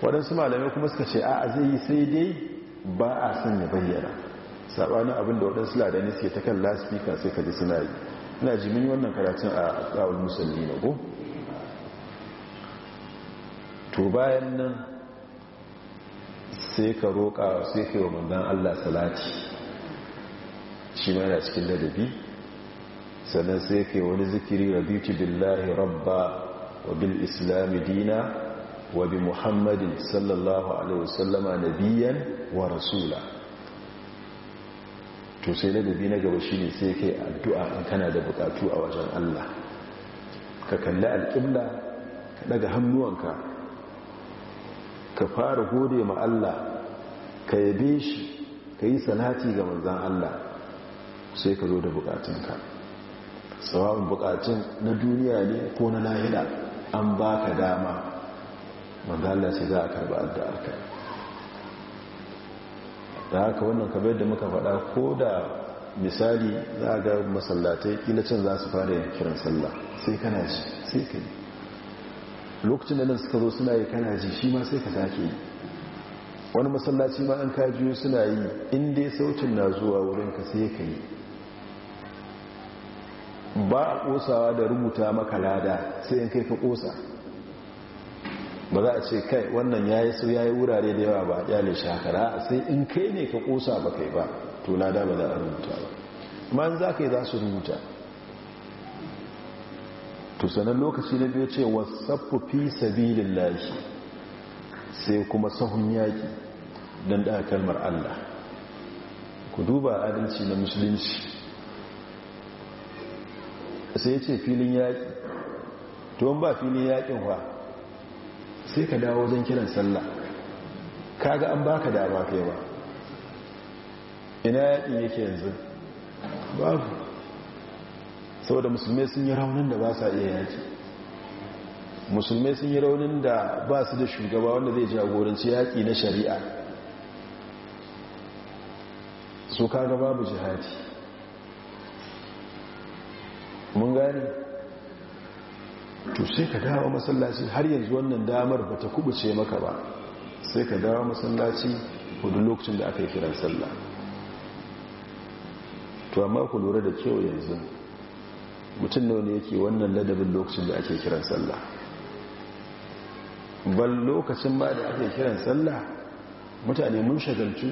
waɗansu malamai kuma suka ce a zai yi sai dai ba a son ya bayyana sabanin abin da waɗansu ladani suke ta kan laspika sai ka ji suna yi ina ji mini wannan karatun a ƙawar musulmi na go to bayan nan sai ka roƙa sai ka yi wa manzan allah salati shi ma yana cikin ladabi sannan sai ka yi wani zikiri rabitu billahi rabba wa bil islami dina wa bi muhammadin sallallahu alaihi wasallama nabiyan wa rasula to sai ladabi na gaba shi ne sai kai addu'a in kana da bukatu a wajen Allah ka kalli alƙibla ka daga hannuwanka ka fara gode ma Allah ka yabe shi ka yi salati ga manzan Allah sai ka zo da bukatunka tsawon bukatun na duniya ne ko na lahira an ba ka dama manzan Allah sai za a karba addu'arka da haka wannan kamar da muka faɗa ko da misali za a ga masallatai ina can za su fara yin kiran sallah sai kana ji sai ka yi lokacin da nan suka zo suna yi kana ji shi ma sai ka sake yi wani masallaci ma an kajiyo suna yi in dai sautin na zuwa wurin ka sai ka yi ba a ƙosawa da rubuta maka lada sai in kai ka ƙosa ba za a ce kai wannan ya yi su ya yi wurare da yawa ba a kyale shakara sai in kai ne ka ƙusa ba kai ba to na ba za a rubuta ba ma za ka yi za su rubuta to sanar lokaci na biyu ce wasaffu fi sabilin lashi sai kuma sahun yaƙi don da kalmar allah ku duba adalci na musulunci sai ce filin yaƙi to ba filin yakin wa sai ka dawo wajen kiran sallah kaga an baka dama kai ba ina yaƙi yake yanzu babu saboda musulmai sun yi raunin da ba sa iya yaki musulmai sun yi raunin da ba su da shugaba wanda zai jagoranci yaƙi na shari'a su kaga babu jihadi mun gani to sai ka dawo masallaci har yanzu wannan damar ba ta kubuce maka ba sai ka dawo masallaci hudu lokacin da aka yi kiran sallah to amma ku lura da kyau yanzu mutum ne yake wannan ladabin lokacin da ake kiran sallah bal lokacin ba da ake kiran sallah mutane mun shagaltu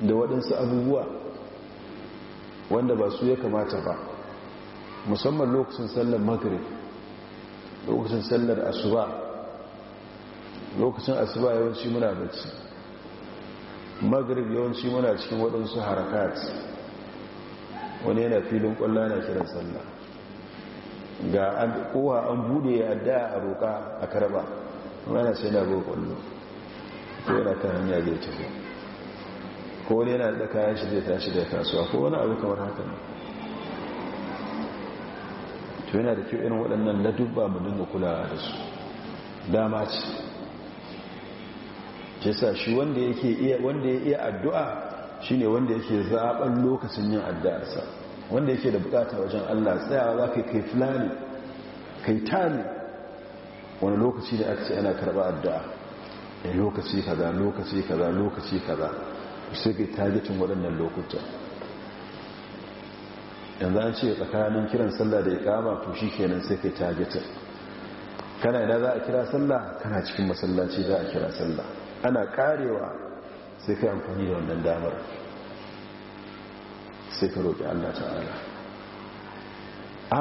da waɗansu abubuwa wanda ba su ya kamata ba musamman lokacin sallar magrib lokacin sallar asuba lokacin asuba yawanci muna bacci magrib yawanci muna cikin waɗansu harakat wani yana filin ƙwallo yana kiran sallah ga an kowa an bude ya adda a roƙa a karba yana sai na roƙa ƙwallo ko yana kan hanya zai tafi ko wani yana da kayan shi zai tashi da kasuwa ko wani abu kamar haka ne to yana da kyau irin waɗannan dubba mu dinga kula da su dama ce ke shi wanda ya iya addu'a shine ne wanda yake zaɓen lokacin yin addu'arsa wanda yake da bukata wajen Allah tsayawa za ka kai fulani kai tani wani lokaci da aka ce ana karɓa addu'a ya eh, lokaci kaza lokaci kaza lokaci kaza sai kai targetin waɗannan lokutan yanzu an ce tsakanin kiran sallah da ikama to shi kenan sai kai targetin kana yana za a kira sallah kana cikin masallaci za a kira sallah ana karewa sai kai amfani da wannan damar sai ka roƙi Allah ta'ala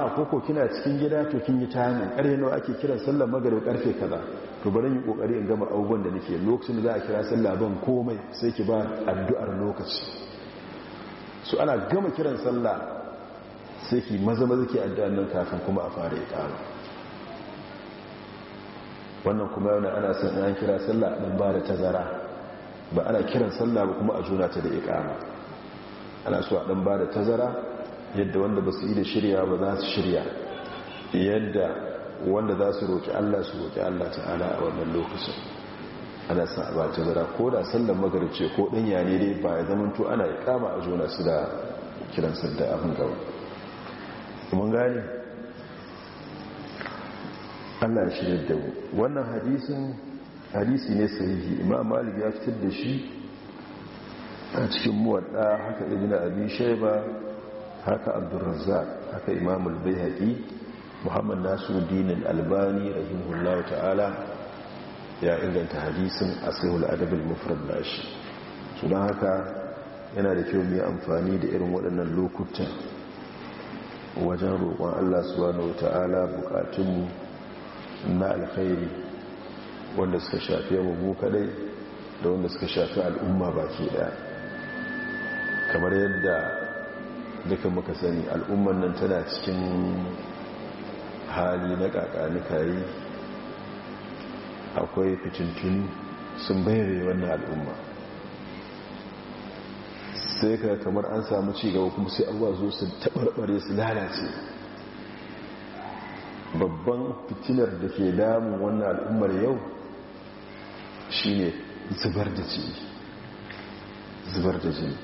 a koko kina cikin gida to kin yi tamin ƙarfe nawa ake kiran sallar magarib ƙarfe kaza to bari yi kokari in gama abubuwan da nake lokacin da za a kira sallah ban komai sai ki ba addu'ar lokaci su ana gama kiran sallah sai ki maza maza ke addu'an nan kafin kuma a fara ikama wannan kuma yana ana san an kira sallah dan ba da tazara ba ana kiran sallah ba kuma a juna ta da ikama ana so a dan ba da tazara yadda wanda ba su yi da shirya ba za su shirya yadda wanda za su roƙi Allah su roƙi Allah ta'ala a wannan lokacin ana sa ba tazara ko da sallan magarce ko ɗanya ne dai ba ya zamanto ana ikama a juna su da kiran sallah abin gaba mun gane allah ya shirya da mu. wannan hadisin hadisi ne sahihi imam malik ya fitar da shi a cikin muwadda haka ibn abi shayba haka abdurrazzaq haka imam al bayhaqi muhammad nasiruddin al-albani rahimahullahu ta'ala ya inganta hadisin asihul adab al-mufrad nashi sunan haka yana da kyau mu amfani da irin waɗannan lokutan wajen roƙon Allah subhanahu wata'ala bukatunmu na alkhairi wanda suka shafi mu mu kadai da wanda suka shafi al'umma baki daya kamar yadda duka muka sani al'umman nan tana cikin hali na kayi, akwai fitintun sun bayyana wannan al'umma sai ka kamar an samu cigaba kuma sai abuwa zo su taɓarɓare su lalace babban fitinar da ke damun wannan al'ummar yau shine zubar da jini zubar da jini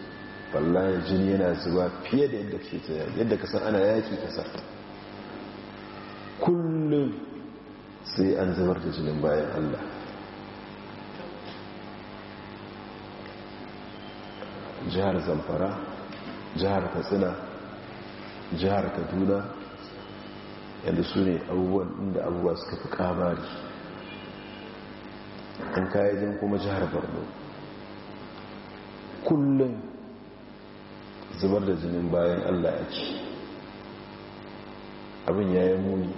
wallahi jini yana zuba fiye da yadda ke tsaya yadda kasan ana yaki kasar kullum sai an zubar da jinin bayan allah jihar zamfara jihar katsina jihar kaduna yadda su ne abubuwan inda abubuwa suka fi kamari an kayayyar kuma jihar borno kullum zubar da jinin bayan allah ya ce abin ya yi muni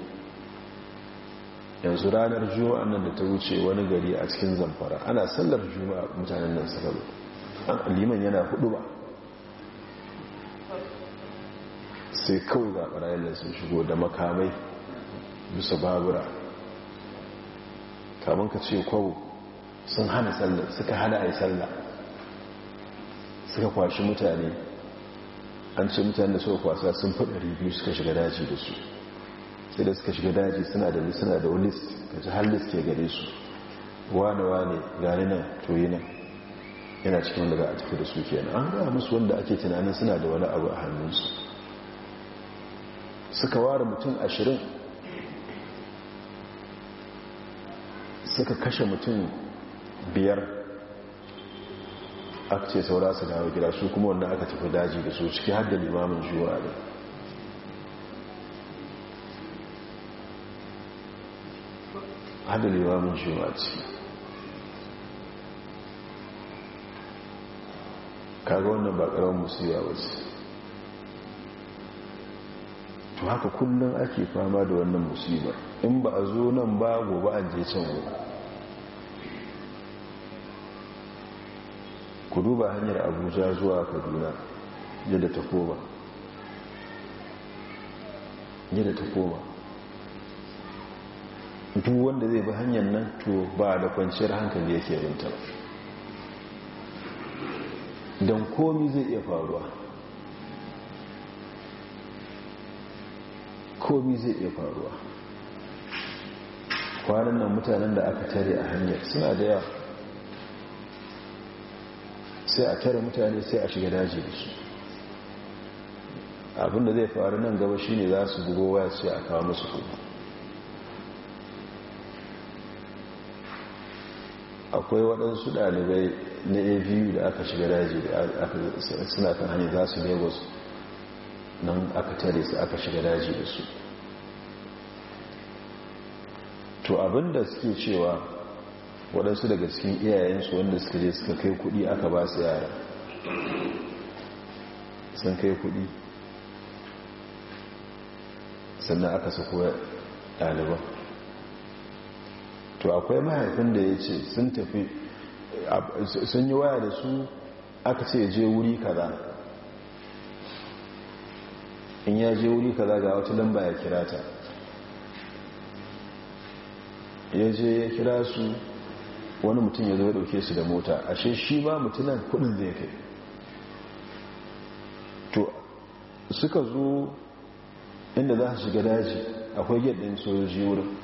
yanzu ranar juma'a nan da ta wuce wani gari a cikin zamfara ana sallar juma'a mutanen nan suka liman yana hudu ba sai kawai ga barayin da sun shigo da makamai bisa babura kamun ka ce kwawo sun hana sallah suka hana a yi sallah suka kwashi mutane an ce mutane da suka kwasa sun faɗari biyu suka shiga daji da su sai da suka shiga daji suna da wulis da list ka ji har ke gare su wane wane gane nan to yi nan yana cikin wanda za a tafi da su kenan an gaya musu wanda ake tunanin suna da wani abu a hannunsu suka ware mutum ashirin suka kashe mutum biyar aka ce saura su dawo gida su kuma wanda aka tafi daji da su ciki har da limamin juwa da har da limamin ciki kaga wannan ba ƙaramin musiya ba wasu to haka kullum ake fama da wannan musibar in ba a zo nan ba gobe an je can gobe ku duba hanyar abuja zuwa kaduna yadda ta koma yadda ta koma duk wanda zai bi hanyar nan to ba da kwanciyar hankali yake rinta ba don komi zai iya faruwa komi zai iya faruwa kwanan nan mutanen da aka tare a hanyar suna da yawa sai a tare mutane sai a shiga daji da su abinda zai faru nan gaba shine za su bugo waya sai a kawo musu kuɗi. akwai waɗansu ɗalibai na abu da aka shiga daji suna kan hanyar za su lagos nan aka tare su aka shiga daji da su to abinda suke cewa waɗansu daga cikin iyayensu wanda suka je suka kai kuɗi aka ba su yara sun kai kuɗi sannan aka sako ɗaliban to akwai mahaifin da ya ce sun tafi sun yi waya da su aka ce je wuri kaza in ya je wuri kaza ga wata lamba ya kira ta ya je ya kira su wani mutum ya zai dauke su da mota ashe shi ba mutunan kudin zai kai to suka zo inda za su shiga daji akwai gyaɗin sojoji wurin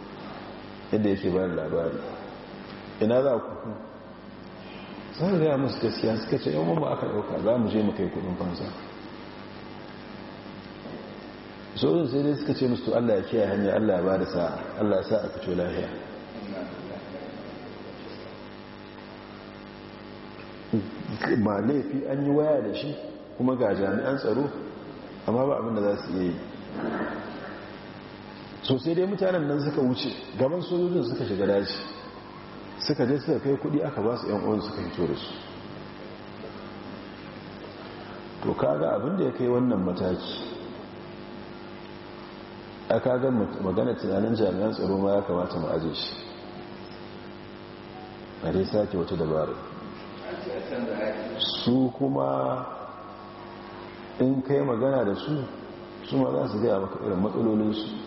yadda yake ba labari ina za ku za a gaya musu gaskiya suka ce yawon ba aka dauka za mu je mu kai kudin fansa sojin sai dai suka ce musu allah ya kiyaye hanyar allah ya ba da sa'a allah ya sa a fito lafiya ba laifi an yi waya da shi kuma ga jami'an tsaro amma ba abinda za su iya yi so sai dai mutanen nan suka wuce gaban sojojin suka shiga daji suka je suka kai kudi aka ba su yan uwan suka fito da su to kaga abin da ya kai wannan mataki a kaga magana tunanin jami'an tsaro ma ya kamata mu aje shi a dai sake wata dabara su kuma in kai magana da su su ma za su gaya maka irin matsalolinsu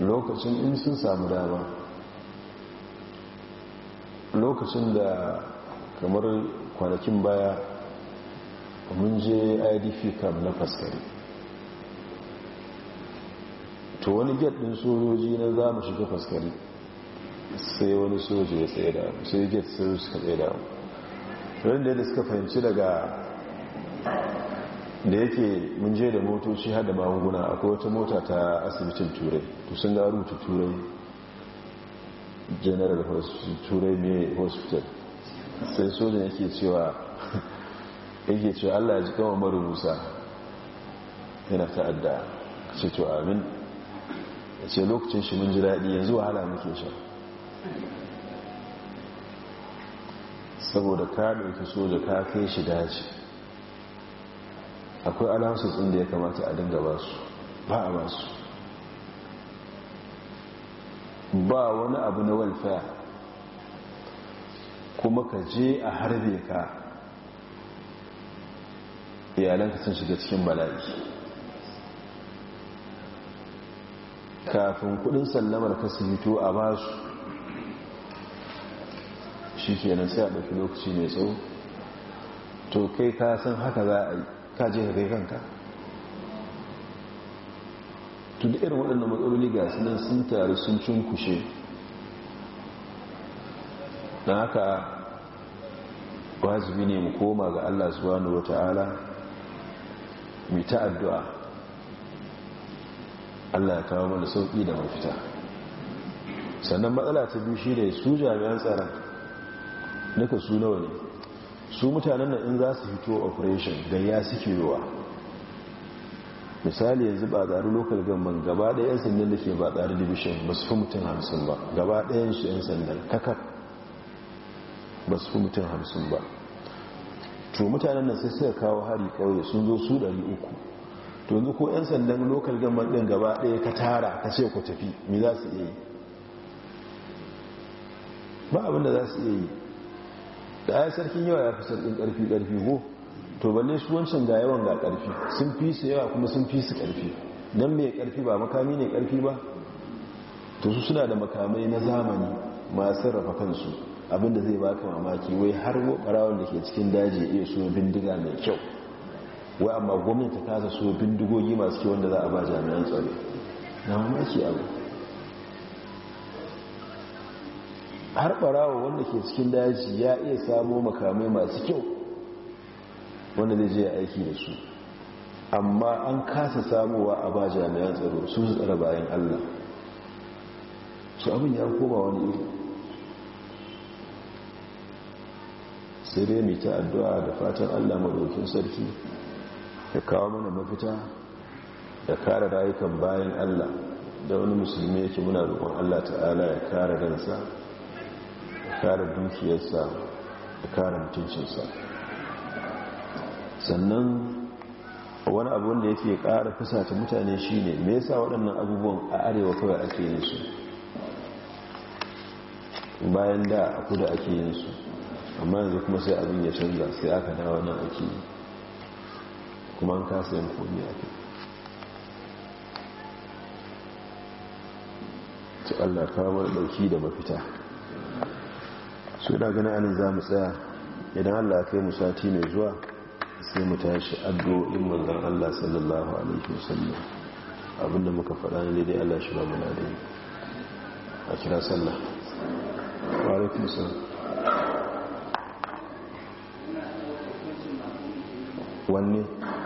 lokacin in sun samu dama lokacin da kamar kwanakin baya mun je idp kam na faskari to wani get sojoji na za mu shiga faskari sai wani soji ya tsaye da sai get sai suka tsaye da ya da suka fahimci daga da yake mun je da motoci hada bangunan magunguna akwai wata mota ta asibitin turai to sun ga rubuta turai general hospital turai mai hospital sai sojan yake cewa yake cewa allah ya ji kama mara musa yana ta'adda ce to amin ya ce lokacin shi mun ji daɗi yanzu wahala muke sha saboda ka ɗauki soja ka kai shi daji akwai alamsu tsin da ya kamata a dinga ba su ba a ba su ba wani abu na welfare kuma ka je a harbe ka iyalanka sun shiga cikin bala'i kafin kudin sallamar ka su hito a ba su shi nan sai a ɗauki lokaci mai tsawo to kai ka san haka za a yi ka je ka kai kanka to da irin waɗannan matsaloli ga su nan sun taru sun cunkushe na haka wajibi ne mu koma ga Allah subhanahu wa ta'ala mu ta addu'a Allah ya kawo mana sauƙi da mafita sannan matsala ta biyu shi ne su jami'an tsaron duka su nawa ne su mutanen nan in za su fito operation gayya suke yiwa misali yanzu ba tsari lokal gamban gaba ɗaya 'yan sandan da ke ba tsari division ba su fi mutum hamsin ba gaba ɗayan shi 'yan sandan kakar ba su fi mutum hamsin ba to mutanen nan sai suka kawo hari ƙauye sun zo su uku, to yanzu ko 'yan sandan lokal gamban ɗin gaba ɗaya ka tara ka ce ku tafi me za su iya yi ba abinda za su iya yi da ya sarkin yawa ya fi sarkin karfi karfi ko to balle su wancan da yawan ga karfi sun fi su yawa kuma sun fi su ƙarfi don mai karfi ba makami ne karfi ba to su suna da makamai na zamani masu rafa kansu abinda zai baka mamaki wai har ɓarawon da ke cikin daji iya so bindiga mai kyau wai amma gwamnati ta kasa so bindigogi masu kyau wanda za a ba jami'an tsaro na mamaki abu har barawa wanda ke cikin daji ya iya samu makamai masu kyau wanda zai je aiki da su amma an kasa samuwa a ba jami'an tsaro su tsara bayan allah su abin ya koma wani iri sai dai mai ta addu'a da fatan allah maɗaukin sarki da kawo mana mafita da kara rayukan bayan allah da wani musulmi yake muna roƙon allah ta'ala ya kara ransa kare dukiyarsa da kare mutuncinsa sannan wani abu da yake kara fusata mutane shine me yasa waɗannan abubuwan a arewa kawai ake yin su bayan da a kuda ake yin su amma yanzu kuma sai abin ya canza sai aka dawa nan ake yi kuma an kasa yin komi a kai ci allaka wani ɗauki da mafita su da ganin anan za mu tsaya idan allah kai mu sati mai zuwa sai mu tashi addu'o'in manzan allah sallallahu alaihi wasallam abinda muka faɗa ne dai allah shi ba mu na dai a kira sallah wa alaikum wanne